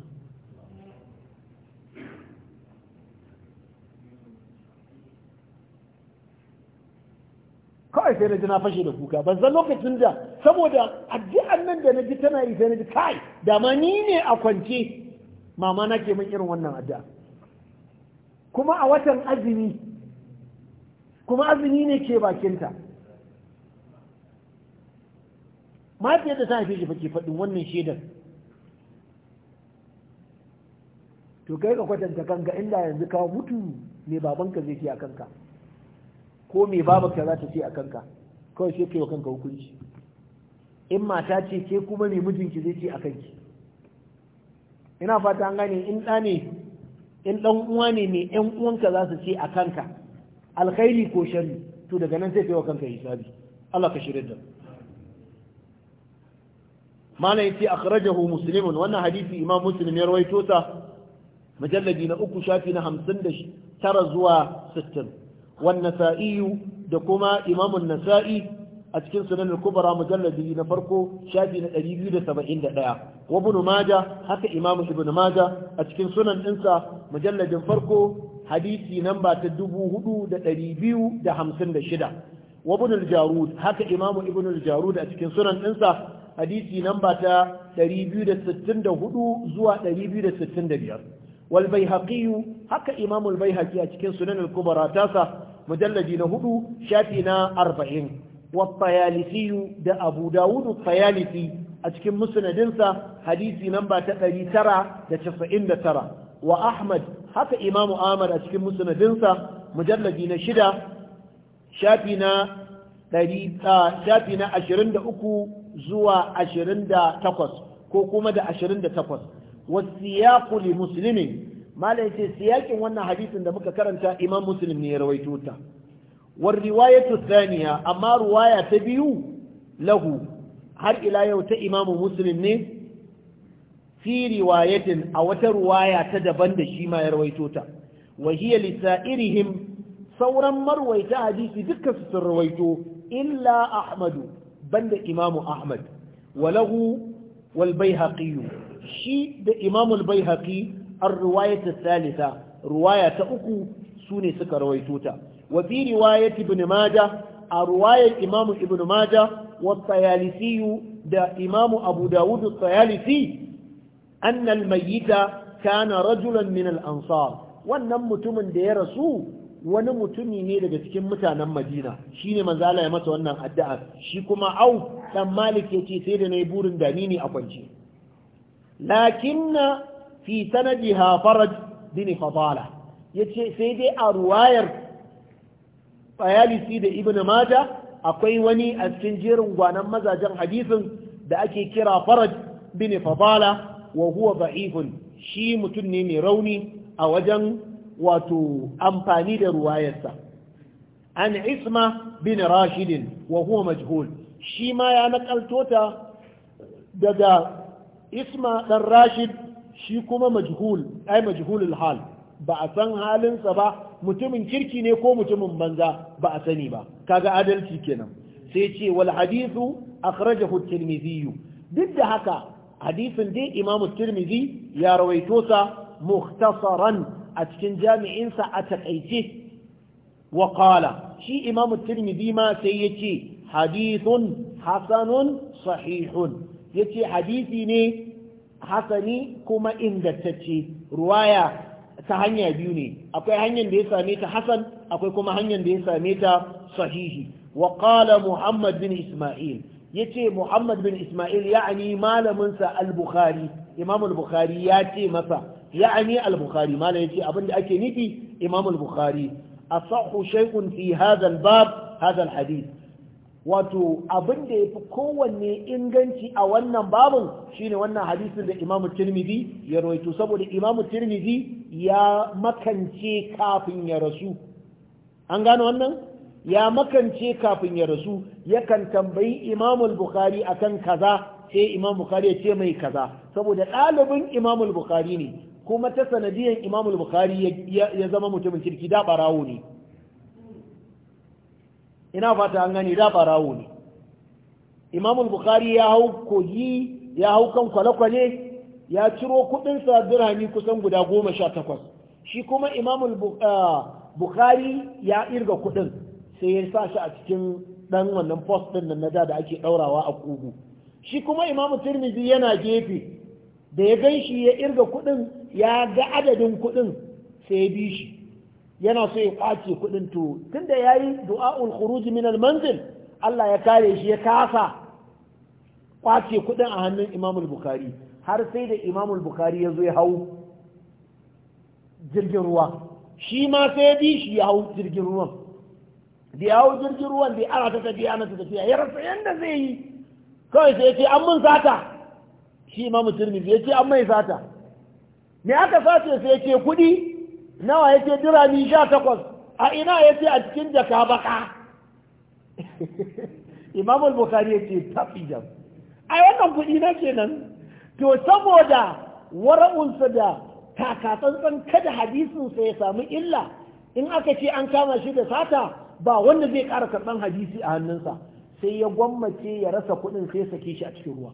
kawai sai na ji na fashe da kuka ban zan lokacin da saboda addu'an nan da na ji tana yi sai na ji kai da ma ni ne a kwance mama na ke min irin wannan addu'a kuma a watan azumi kuma azumi ne ke bakinta mahaifiyar da ta haife shi fake faɗin wannan shaidar to kai ka kwatanta kanka inda yanzu kawo mutu ne babanka zai ce a kanka ko me babanka za ta ce a kanka kawai sai kai wa kanka hukunci in mata ce ke kuma ne mijinki zai ce a kanki ina fata an gane in ɗa ne in ɗan uwa ne mai ƴan uwanka za su ce a kanka alkhairi ko sharri to daga nan sai kai wa kanka hisabi Allah ka shirya da mana yace akhrajahu muslimun wannan hadisi imam muslim ya rawaito ta mujalladi na uku shafi na 59 zuwa 60 wan nasa'i da kuma imam an-nasa'i a cikin sunan al-kubra mujalladi na farko shafi na 271 wa ibn maja haka imam ibn maja a cikin sunan dinsa mujalladin farko hadisi namba ta 4256 wa ibn al-jarud haka imam ibn al-jarud a cikin sunan dinsa hadisi namba ta 264 zuwa 265 wal bayhaqi haka imam al-bayhaqi a cikin sunan al-kubra tasa mujalladi na 4 shafi na 40 والطيالسي دا أبو داود الطيالسي أتكم مسندنسا حديثي نمبر تقري ترى دا تسعين ترى وأحمد حتى إمام آمر أتكم مسندنسا مجلدين شدة شابنا شابنا أشرين دا أكو زوا أشرين دا تقص كوكوما دا أشرين دا تقص والسياق لمسلم ما ليس سياق وانا حديث دا مكا كرنتا إمام مسلم نيرويتوتا والرواية الثانية أما رواية تبيو له هل إلى يوت إمام مسلم في رواية أو رواية تدبند شيما يرويتوتا وهي لسائرهم صورا مرويت حديث ذكر سرويتو إلا أحمد بند إمام أحمد وله والبيهقي شي إمام البيهقي الرواية الثالثة رواية أكو سوني سكرويتوتا wa fi riwayat ibn majah a riwayar imam ibn majah wa tayalisi da imam abu dawud tayalisi anna al mayyita kana rajulan min ansar wannan mutumin da ya rasu wani mutumi ne daga cikin mutanen Madina shine manzo Allah ya masa wannan addu'a shi kuma au dan Malik yace sai da na yi burin da ni ne a kwance lakinna fi sanadiha faraj bin fadala yace sai dai a ruwayar tsayalisi da ibn mata akwai wani a cikin jerin gwanan mazajen hadisin da ake kira faraj bin fadala wa huwa da'ifun shi mutum ne mai rauni a wajen wato amfani da ruwayarsa an isma bin rashidin wa huwa majhul shi ma ya nakalto ta daga isma dan rashid shi kuma majhul ai majhulul hal ba a san halinsa ba mutumin kirki ne ko mutumin banza ba a sani ba kaga adalci kenan sai ce wal hadithu akhrajahu at-tirmidhi duk da haka hadisin dai imamu tirmidhi ya rawaito sa mukhtasaran a cikin jami'in sa a takaice wa qala shi imamu tirmidhi ma sai yace hadithun hasanun sahihun yace hadisi ne hasani kuma ingantacce ruwaya ta hanya biyu ne akwai hanyar da ya same ta hasan akwai kuma hanyar da ya same ta sahihi wa qala muhammad bin isma'il yace muhammad bin isma'il ya'ani malamin sa al-bukhari imam al-bukhari ya ce masa ya'ani al-bukhari malam yace da ake nufi imam al-bukhari asahhu shay'un fi hadha al-bab hadha al-hadith wato abin da ya fi kowanne inganci a wannan babun shine wannan hadisin da imamu tirmidhi ya rawaito saboda imamu tirmidhi ya makance kafin ya rasu an gano wannan ya makance kafin ya rasu yakan tambayi imamu bukhari akan kaza sai imam bukhari ya ce mai kaza saboda ɗalibin imamu bukhari ne kuma ta sanadiyan imamu bukhari ya zama mutumin kirki da barawo ne ina fata an gani da farawo ne imamul bukhari ya hau kogi ya hau kan kwale-kwale ya ciro kudinsa birhami kusan guda goma sha takwas shi kuma imamul ah, bukhari ya irga kudin sai ya sa shi a cikin dan wannan post din nan na da da ake daurawa a kugu shi kuma imamu tirmidhi yana gefe da ya gan shi ya irga kudin ya ga adadin kudin sai ya bi shi yana so ya kwace kuɗin to tunda yayi du'a'ul khuruj min al-manzil Allah ya kare shi ya kasa kwace kuɗin a hannun Imam al-Bukhari har sai da Imam al-Bukhari ya zo ya hau jirgin ruwa shi ma sai ya bi shi ya hau jirgin ruwan da ya hau jirgin ruwan da ana ta tafiya ana ta tafiya ya rasa yanda zai yi kawai sai ya ce an mun sata shi Imam Tirmidhi ya ce an mai sata me aka sace sai ya ce kuɗi nawa yake jira dirami sha takwas a ina ya a cikin jaka baka imam bukari ya ce tafi jam ai wannan kuɗi na kenan to saboda wara'unsa da takatsantsan kada hadisinsa ya samu illa in aka ce an kama shi da sata ba wanda zai ƙara karɓan hadisi a hannunsa sai ya gwammace ya rasa kuɗin sai sake shi a cikin ruwa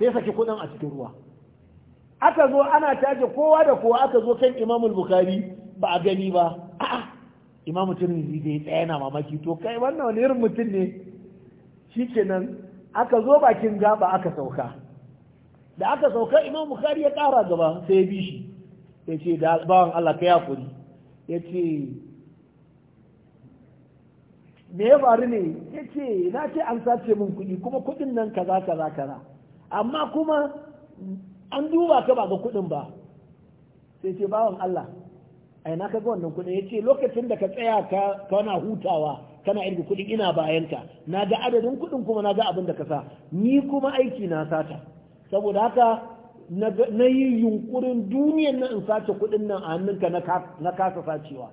sai sake kuɗin a cikin ruwa aka zo ana tace kowa da kowa aka zo kan imamul bukhari ba a gani ba a'a imamu tirmidhi da ya tsaya na mamaki to kai wannan wani irin mutum ne shikenan aka zo bakin gaba aka sauka da aka sauka imam bukhari ya kara gaba sai ya bi shi ya ce da bawan Allah kai hakuri ya ce me ya faru ne ya ce na ce an sace min kuɗi kuma kuɗin nan kaza kaza kaza amma kuma an duba ka ba ga kuɗin ba sai ce bawan Allah ai na kaga wannan kuɗin ce lokacin da ka tsaya ka kana hutawa kana irga kuɗi, ina bayanka na ga adadin kuɗin kuma na ga abin da ka sa ni kuma aiki na sata saboda haka na yi yunkurin duniyan na in sace kuɗin nan a hannunka na kasa sacewa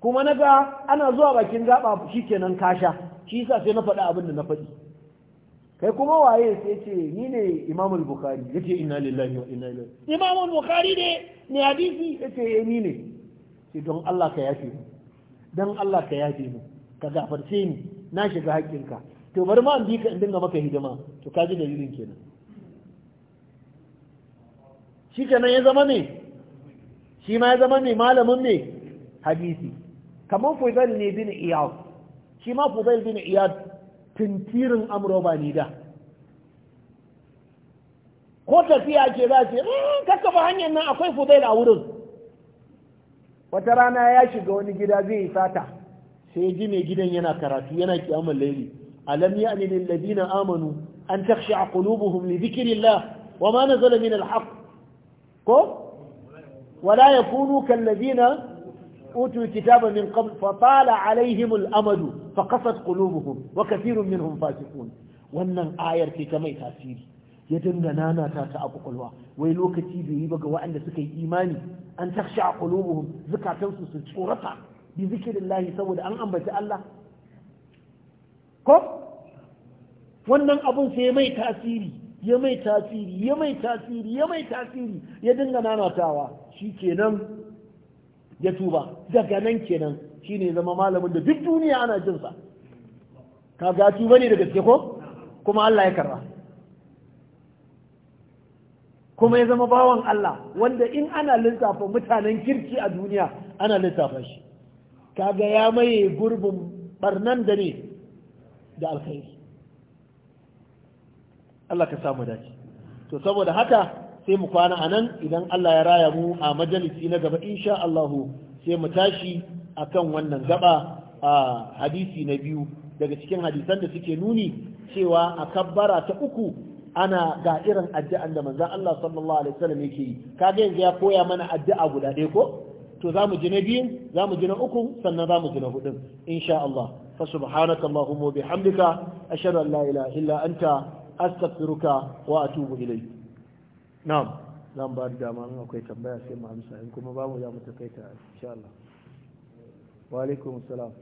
kuma na ga ana zuwa bakin gaba shi kenan kasha shi yasa sai na faɗi abin da na faɗi kai kuma waye sai ce ni ne imamul bukhari yace inna lillahi wa inna ilaihi imamul bukhari ne ne hadisi eh ni ne sai don Allah ka yafe mu don Allah ka yafe mu ka gafarce ni na shiga haƙƙinka to bari ma bi ka in dinga maka hidima to ka ji dalilin kenan shi kenan ya zama ne shi ma ya zama ne malamin ne hadisi kamar fudail ne bin iyad shi ma fudail bin iyad tintirin ba ni da ko tafiya ce za ce eh, kaka ba hanyar nan akwai fudail a wurin wata rana ya shiga wani gida zai yi sata sai ji mai gidan yana karatu yana kiyamun laili alam ya ne amanu an takhsha qulubuhum li dhikrillah wa ma nazala min alhaq ko wala yakunu kallazina utu kitaba min qabl fa tala alaihim al-amadu fa qasat qulubuhum wannan ayar ce ta mai tasiri ya dinga nanata ta a kwakwalwa wai lokaci bai yi ba ga waɗanda suka yi imani an taksha a kulubuhum zukatansu su tsorata bi zikirillahi saboda an ambaci Allah ko wannan abun sai mai tasiri ya mai tasiri ya mai tasiri ya mai tasiri ya dinga nanatawa shikenan ya tuba daga nan kenan shine zama malamin da duk duniya ana jin sa kaga tuba ne da gaske ko kuma Allah ya karba kuma ya zama bawan Allah wanda in ana lissafa mutanen kirki a duniya ana lissafa shi kaga ya maye gurbin barnan da ne da alkhairi Allah ka samu dace to saboda haka sai mu kwana a nan idan Allah ya raya mu a majalisi na gaba insha Allahu sai mu tashi akan wannan gaba a hadisi na biyu daga cikin hadisan da suke nuni cewa a kabbara ta uku ana ga irin addu'an da manzon Allah sallallahu alaihi wasallam yake yi kaga yanzu ya koya mana addu'a guda ɗaya ko to za mu ji na biyun za mu ji na uku sannan za mu ji na hudun insha Allah fa subhanaka allahumma bihamdika ashhadu an la ilaha illa anta astaghfiruka wa atubu ilayk na'am zan ba da dama in akwai tambaya sai mu amsa in kuma babu za mu takaita insha Allah wa alaikum salam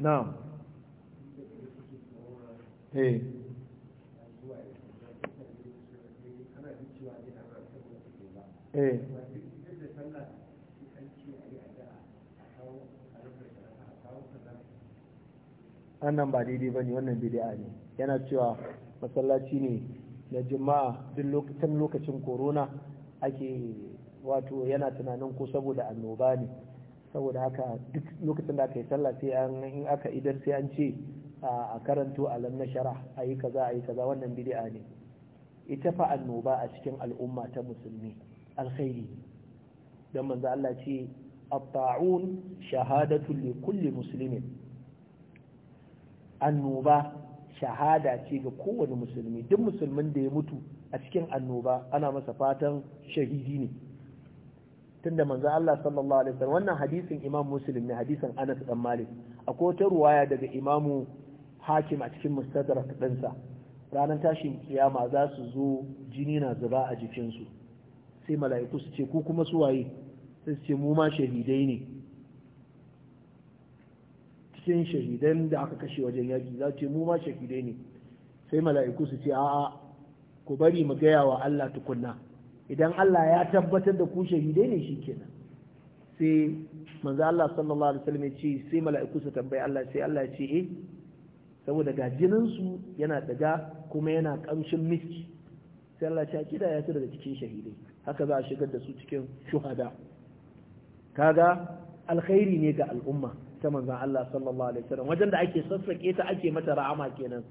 na'am eh eh annan ba daidai ba ne wannan bidi'a ne yana cewa masallaci ne na jima'a duk lokacin corona ake wato yana tunanin ko saboda annoba ne saboda haka duk lokacin da aka yi sallah sai an in aka idar sai an ce a karanto alam na shara a yi kaza a yi kaza wannan bid'a ne ita fa annoba a cikin al'umma ta musulmi alkhairi don manzo Allah ce at-ta'un shahadatu li kulli muslimin annoba shahada ce ga kowane musulmi duk musulmin da ya mutu a cikin annoba ana masa fatan shahidi ne tunda manzo Allah sallallahu alaihi wasallam wannan hadisin Imam Muslim ne hadisin Anas dan Malik akwai wata ruwaya daga imamu Hakim a cikin Mustadrak ɗinsa ranar tashin kiyama za su zo jini na zuba a jikinsu sai mala'iku su ce ku kuma su waye sai su ce mu ma shahidai ne cikin shahidan da aka kashe wajen yaki za ce mu ma shahidai ne sai mala'iku su ce a'a ku bari mu gaya wa Allah tukunna idan Allah ya tabbatar da ku shahidai ne shikenan sai manzo Allah sallallahu alaihi wasallam ya ce sai mala'iku su tambayi Allah sai Allah ya ce eh saboda ga jinin su yana daga kuma yana kamshin miski sai Allah ya kida ya tura daga cikin shahidai haka za a shigar da su cikin shuhada kaga alkhairi ne ga al'umma ta manzan Allah sallallahu alaihi wasallam wajen da ake sassake ta ake mata ra'ama kenan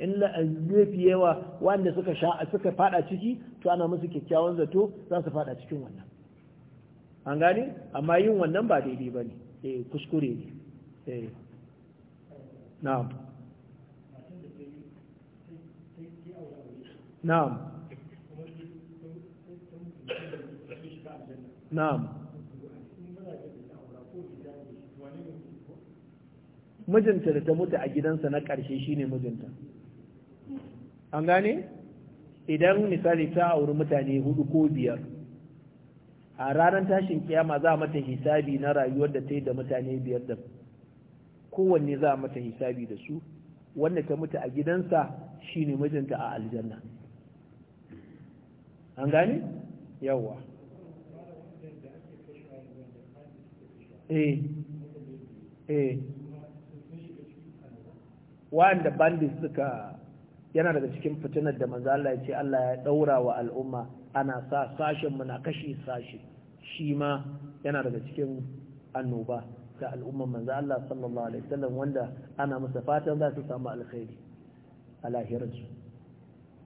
in laifi yawa wanda suka sha suka fada ciki to ana musu kyakkyawan zato za su fada cikin wannan an gane amma yin wannan ba daidai ba ne eh kuskure ne eh na'am na'am na'am mijinta da ta mutu a gidansa na ƙarshe shine mijinta an gane idan misali ta auri mutane hudu ko biyar a ranar tashin kiyama za mata hisabi na rayuwar da ta yi da mutane biyar da kowanne za mata hisabi da su wanda ta mutu a gidansa shine mijinta a aljanna an gane yawwa eh eh wanda bandit suka yana daga cikin fitinar da manzo Allah ya ce Allah ya daura wa al'umma ana sa sashen muna kashi sashi shi ma yana daga cikin annoba ga al'umman manzo Allah sallallahu alaihi wasallam wanda ana masa fatan za su samu alkhairi a lahirarsu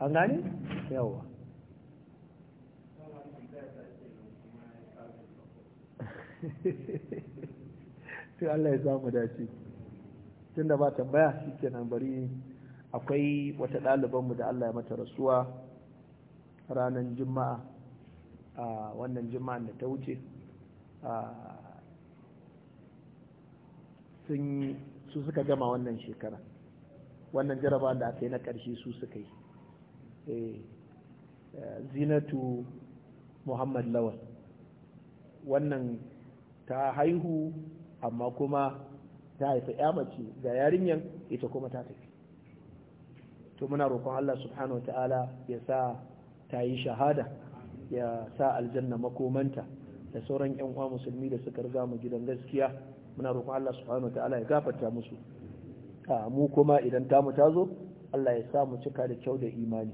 an gane yawa to Allah ya samu dace Tun da ba tambaya shikenan bari akwai wata ɗalibanmu da Allah ya mata rasuwa ranar juma'a a wannan juma'an da ta wuce su suka gama wannan shekara wannan jaraba da aka yi na ƙarshe su suka yi eh, zinatu muhammad lawal wannan ta haihu amma kuma ta haifa ya mace ga yarinyar ita kuma ta tafi to muna roƙon Allah subhanahu ta'ala ya sa ta yi shahada ya sa aljanna makomanta da sauran yan uwa musulmi da suka riga mu gidan gaskiya muna roƙon Allah subhanahu ta'ala ya gafarta musu mu kuma idan ta mu tazo Allah ya sa mu cika da kyau da imani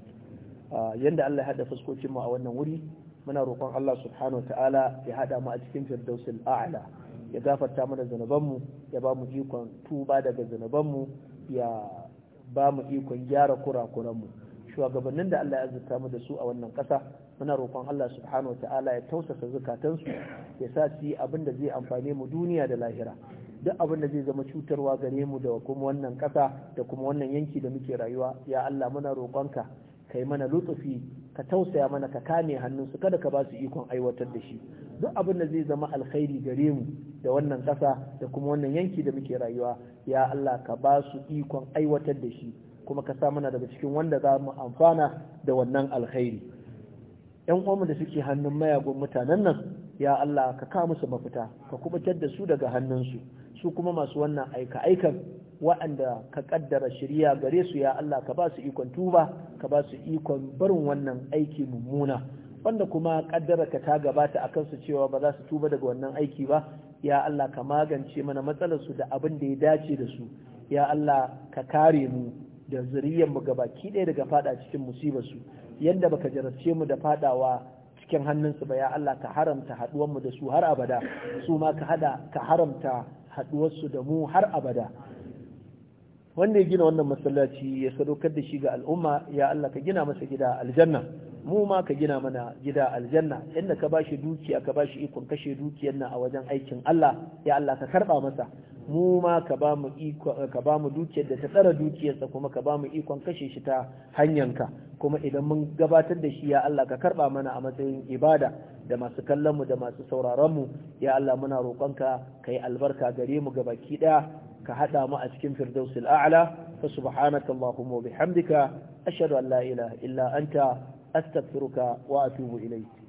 yanda Allah ya hada fuskokin mu a wannan wuri muna roƙon Allah subhanahu ta'ala ya hada mu a cikin firdausil a'la ya gafarta mana zunubanmu ya ba mu ikon tuba daga zunubanmu ya ba mu ikon gyara kurakuranmu shugabannin da Allah ya azurta mu da su a wannan ƙasa muna roƙon Allah subhanahu wa ta'ala ya tausasa zukatansu ya sa su yi abin da zai amfane mu duniya da lahira duk abin da zai zama cutarwa gare mu da kuma wannan ƙasa da kuma wannan yanki da muke rayuwa ya Allah muna roƙonka ka yi mana lutsufi, ka tausaya mana ka kame hannunsu kada ka ba su ikon aiwatar da shi duk abin da zai zama alkhairi gare mu da wannan ƙasa da kuma wannan yanki da muke rayuwa ya Allah ka ba su ikon aiwatar da shi kuma ka sa mana daga cikin wanda za mu amfana da wannan alkhairi yan uwanmu da suke hannun mayagun mutanen nan ya Allah ka ka musu mafita ka kubutar da su daga hannunsu su kuma masu wannan aika aikan waɗanda ka ƙaddara shirya gare su ya Allah ka ba su ikon tuba ka ba su ikon barin wannan aiki mummuna wanda kuma kaddara ka ta gabata a kansu cewa ba za su tuba daga wannan aiki ba ya Allah ka magance mana matsalarsu da abin da ya dace da su ya Allah ka kare mu da zuriyar mu baki ɗaya daga faɗa cikin musibar su, yadda baka jarabce mu da faɗawa cikin hannunsu ba ya Allah ka haramta haɗuwar mu da su har abada su ma ka hada ka haramta su da mu har abada wanda ya gina wannan masallaci ya sadaukar da shi ga al'umma ya Allah ka gina masa gida aljanna mu ma ka gina mana gida aljanna inda ka bashi dukiya ka bashi ikon kashe dukiyar nan a wajen aikin Allah ya Allah ka karba masa mu ma ka ba mu iko ka ba mu dukiyar da ta tsara dukiyarsa kuma ka ba mu ikon kashe shi ta ka kuma idan mun gabatar da shi ya Allah ka karba mana a matsayin ibada da masu kallon mu da masu sauraron mu ya Allah muna roƙonka kai albarka gare mu gabaki daya ka hada mu a cikin firdausil a'la fa subhanaka allahumma wa bihamdika ashhadu an la ilaha illa anta astaghfiruka wa atubu ilayk